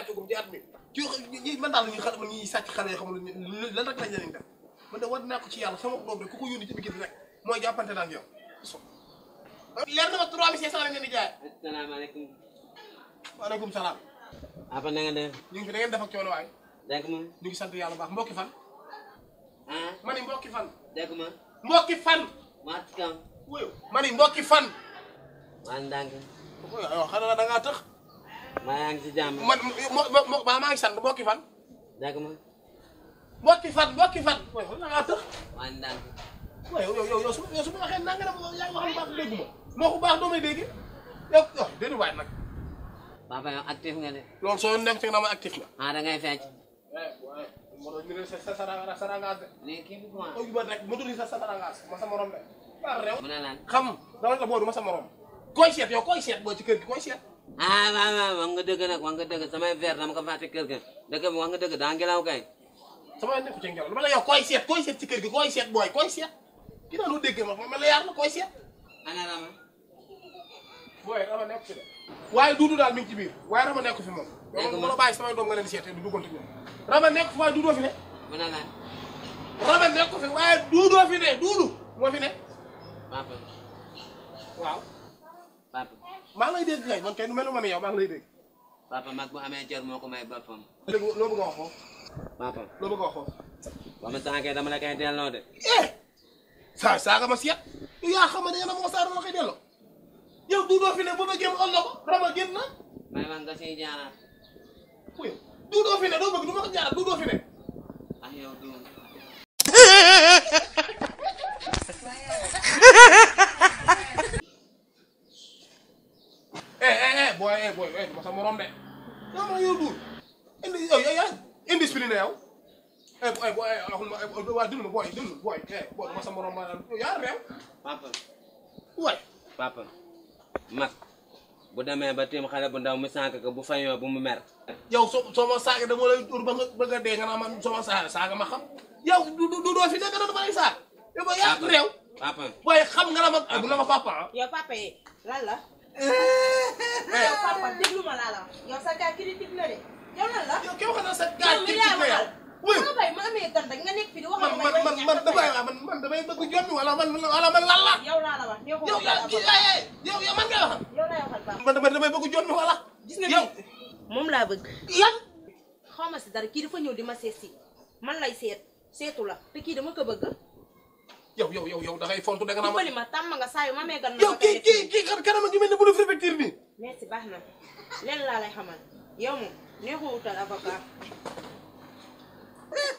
sàccugum ci at mi ci ñi man daal ñu xam ñuy sàcc xale yi xamul lan rek lañ leen def man de war naa ko ci yàlla sama doom de ku ko yónni ci biir rek mooy jàppante naa ak ma 3500 salaam. ah fan na ngeen def. fi da ngeen def ak coono waay. dégg ma ñu ngi sant yàlla mbokki fan. ah ma ni fan. ma mbokki fan. maa ci kam. ma ni mbokki fan. maa ndànk. waaw Mau ngi ci Mau man mo maa ngi sant bokki fan. d'accord man. bokki fan bokki fan. waaye xam naa tax. maa ngi yo yo yo, yow su ma su ma waxee nanga ne yaa wax lu baax déggu ma moo ko baax may dégg yow yow déedéet waay nag. papa yow actif nga de. loolu soo dem fekk na ma actif da ngay fecc. waaye moto ñu ne sa sa sarangaas de. mais kii bi comment. kooku ba rek moto ni sa sarangaas ma sa morom oh. lan xam ma sa morom. koy koy ci koy ah waaw waaw wax nga dëgg nag wax nga dëgg samay verre dama ko fàtte kër ga dëgg wax nga dëgg daa ngelaw kay. sama nekk ci ngelaw dama la yow koy seet koy seet ci kër gi koy seet booy koy seet ki daanu dégg ma man la yaar la koy seet. nekk ci de. waaye duudu daal mi ngi waaye rama nekk fi moom. nekk moom mën a bàyyi samay doom nga leen seetee du duggal ci ñoom. rama nekk fi a laaj. rama nekk fi waaye duudoo fi ne duudu moo fi ne. waaw. maa ngi lay dégg man kay nu mel ne ma maa ngi lay papa mag bu amee jor may boppam. léegi loo bëgg a loo bëgg a wax foofu. ba ma sànqee la koy delloo de. Eh! saa saaga ma seet. yaa xam ne yéen a ma ko saa dama la delloo. yow duudoo fi ne bu ma génn ol na ko may ma nga siy jaaraat. oui duudoo fi ne doo bëgg du ma firi na eh eh papa papa mag bu demee ba ya, tim xale bu ndaw mu sànq ko bu fayoo bu mu mer yow so soo ma saaga lay dur ba nga bëgg nga ma xam yow du fi lay yow ba yaa papa boy xam eh. nga la ma bu la ma eh. ya, papa yow papa yi lan la yow papa la yow sa critique la yow lan la yow Wih. Mana bae mana meter teh ngenik video kan. Man man man teh bae man man teh bae bagus juan wala man wala man lala. Ya ulah lah. Yo yo yo yo man ga. Yo lah kan, kan. Man man teh bae bagus juan wala. Gis na yow. Mom la bëgg. Yan. Xawma ci dara kii dafa ñëw di ma seet si. Man lay seet. Seetu la. Te kii dama ko bëgg. yow yow yow yow da ngay fontu da nga na ma ma tam nga sayu ma megal na yow ki ki ki kanam ngi melni bu do préfecture bi merci baxna len la lay xamal yow mo neexu utal avocat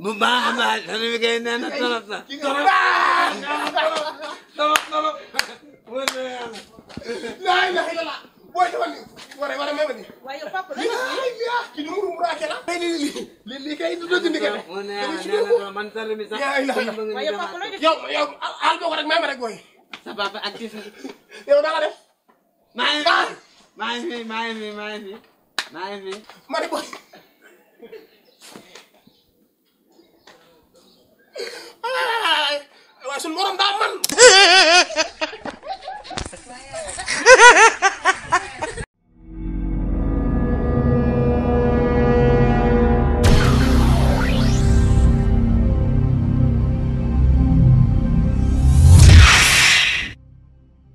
bu baax a baax xale bi kay nee na torop na torop torop torop wër na yàlla laa ilaha illa llah booy dafa ni wara wara may ma ni waaye papa la ki du muru muraake la li li li kay du dëgg ndike ne man tali mi sax waaye papa la yow yow al boo ko rek may ma rek booy sa papa actif yow da nga def maa ngi maa ngi fi maa ngi fi maa ngi fi maa ngi fi ma ne booy suñu morom daa man